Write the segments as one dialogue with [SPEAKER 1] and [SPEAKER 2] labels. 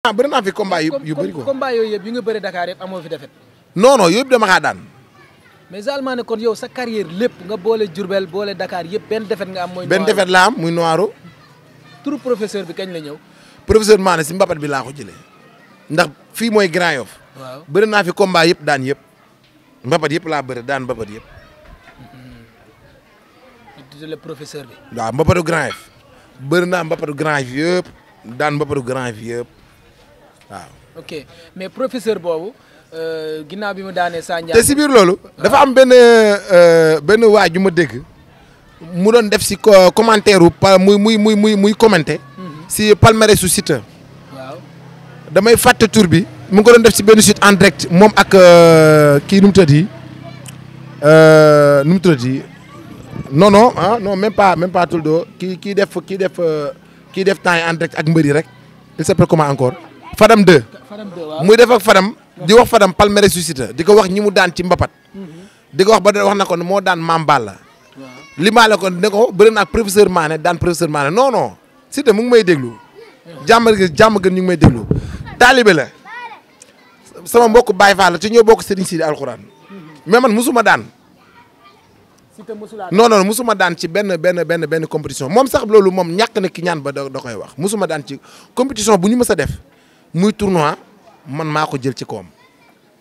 [SPEAKER 1] ah bëri naa fi combat ko
[SPEAKER 2] combat yooyu yëpp yi nga bëri Dakar yëpp amoo fi defet
[SPEAKER 1] non non yëpp dama xaa daan
[SPEAKER 2] mais Zalman ne kon yow sa carrière lépp nga boole Diourbel boole dakaar yëpp benn defet nga am mooy benn defet
[SPEAKER 1] la am muy Noiro turu professeur bi kañ la ñëw professeur Mané si mbapat bi laa ko jële ndax fii mooy Grand Yoff waaw naa fi combat yëpp daan yëpp mbapat yëpp laa bëri daan mbapat yëpp
[SPEAKER 2] mm-hmm. professeur bi
[SPEAKER 1] waaw mbapatu Grand Yoff naa mbapatu Grand Yoff yëpp daan mbapatu Grand yëpp waaw
[SPEAKER 2] ok mais professeur boobu euh, ginaaw bi mu daanee Sandiara te si biir loolu.
[SPEAKER 1] dafa am benn euh, benn waa ju ma dégg mu doon def si commentaire wu muy muy muy muy muy commenté. Mhm. si palmarèsu Siteu. damay fàtte tur bi. mu ngi ko doon def si benn site en direct moom ak euh, kii nu mu tëdd yi nu mu tëdd yi non non ah même pas même pas Toldo kii kii def kii def kii def temps yi en direct ak mbër yi rek il s'appelle comment encore. Fadam 2. muy def ak Fadam di wax Fadam palmarès yu Siteu di ko wax ñi mu daan ci mbapat. Mm-hmm. di ko wax ba wax na ko moo daan Mame Balla. li maa la ko ne ko bëri na ak professeur Mané daan professeur Mané non non Siteu mu may déglu. jàmm gën jàmm gën ñu ngi may déglu. taalibe la sama mbokk baay Fall ci ñoo bokk Serigne Sidi alxuraan mm-hmm. mais man musuma daan. non non musuma daan ci benn benn benn benn compétition moom sax loolu moom ñàkk na ki ñaan ba da koy wax musuma daan ci compétition bu ñu mës a def. muy tournoi man maa ko jël ci koom.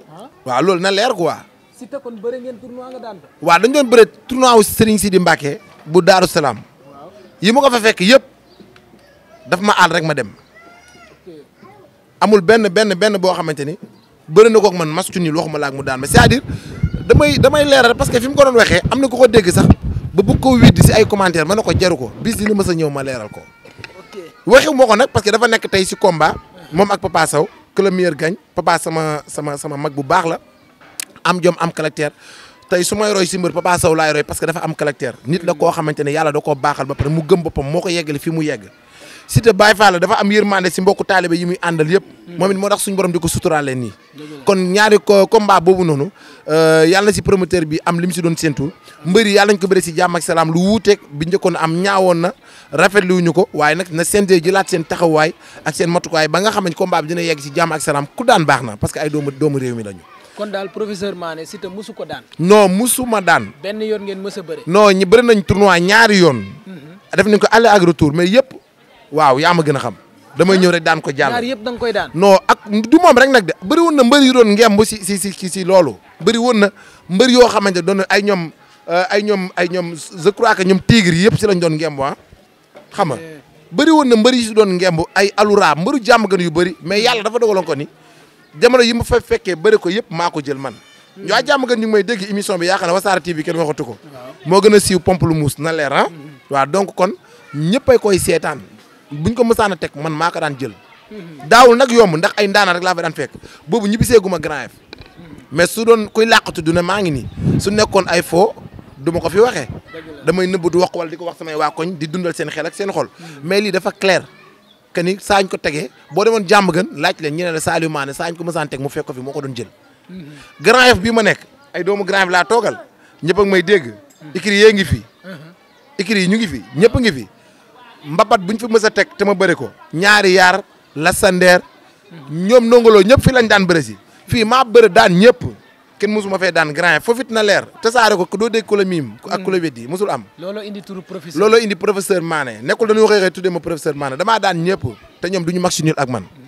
[SPEAKER 1] Ah. waaw loolu na leer quoi.
[SPEAKER 2] si te kon bëri ngeen
[SPEAKER 1] tournoi nga daan ko. waaw dañu doon bëre tournoi wu Serigne Sidi Mbacke bu Daaru Salaam. yi ma ko fa fekk yëpp daf ma aal rek ma dem. amul benn benn benn boo xamante ni bëri na kook man mas cunil waxuma laak mu daan ma cest à damay damay leeral parce que fi mu ko doon waxee am na ku ko dégg sax ba bëgg koo widdi si ay commentaire ma ne ko jaru ko bis dina mës a ñëw ma leeral ko. ok waxi moo ko nag parce que dafa nekk tey si komba moom ak Papa Sow que le meilleur gagne sama sama sama mag bu baax la am jom am caractère tey su may roy si mbër Papa laay roy parce que dafa am caractère nit la koo xamante ne yàlla da koo baaxal ba pare mu gëm boppam moo ko yeggale fi mu yegg Siteu Baye Fall dafa am yërmande si mbokku taalibe yi muy àndal yëpp. Mm-hmm. moom it moo tax suñu borom di ko suturaale nii. kon ñaari combat boobu noonu euh, yàlla na si promoteur bi am li mu si doon séntu. mbëri yàlla nañ ko bëri si jàmm ak salaam lu wuuteeg bi njëkkoon am ñaawoon na rafetlu wuñu ko waaye nag na séntee laat seen taxawaay ak seen matukaay ba nga xam ne combat bi dina yegg si jàmm ak salaam ku daan baax na parce que ay doomu doomu réew mi lañu.
[SPEAKER 2] ko daan.
[SPEAKER 1] non musu ma daan.
[SPEAKER 2] yoon ngeen mës a bëre.
[SPEAKER 1] non ñi bëri nañ tournoi ñaari yoon. Mm-hmm. def nañ ko yëpp waaw yaa ma gën a xam. damay ñëw rek daan ko jàll. ñaar
[SPEAKER 2] yëpp da koy daan.
[SPEAKER 1] non ak du moom rek nag de bëri na mbëri yu doon ngemb si si si si loolu. bëri woon na mbër yoo xamante doon ay ñoom euh, ay ñoom ay ñoom je crois que ñoom tigre yëpp si lañ doon ngemb ah xam nga eh. bëri woon na mbër yu si doon ngemb ay alura mbëru jàmm gën yu bëri mais yàlla dafa dogaloon ko ni jamono yi ma fekkee bëri ko yëpp maa ko jël man. ñoo hmm. jàmm gan ñu ngi may dégg émission bi yaakaar na Wassare TV kenn waxatu ko. moo gën a siiw pompe muus na leer ah. Hmm. donc kon ñëpp ay koy seetaan buñ ko mësaan a teg man maa ko daan jël. daawul nag yomb ndax ay ndaanaan rek laa fa daan boobu ñibbisee gu ma Grand Yoff mais su doon koy làqatu du ne maa ngi nii su nekkoon ay foo du ma ko fi waxee. damay nëbbatu wax ko wala di ko wax samay waa koñ di dundal seen xel ak seen xol. mais lii dafa clair que ni saañ ko tegee boo demoon jàmm gën laaj leen ñu ne la Saliou Mané saañ ko mësaan teg mu fekk ko fi moo ko doon jël. Grand Yoff bii ma nekk ay doomu Grand Yoff laa toogal ñëpp may dégg. ikri yee ngi fi. ikri yi ñu ngi fi ñëpp ngi fi. mbabat buñ fi mës a teg te ma bëri ko ñaari yaar lasandeer ñoom nongoloo ñëpp fi lañ daan bëri si fii maa bëri daan ñëpp kenn mosuma fee daan grand foofu it na leer tasaare ko doo dégg ku la miim ak ku la weddi mosul am
[SPEAKER 2] looloo indi professeur looloo indi
[SPEAKER 1] professeur Mané nekkul dañu waxee xëy tuddee ma professeur Mané damaa daan ñëpp te ñoom du ñu mag si ñun ak man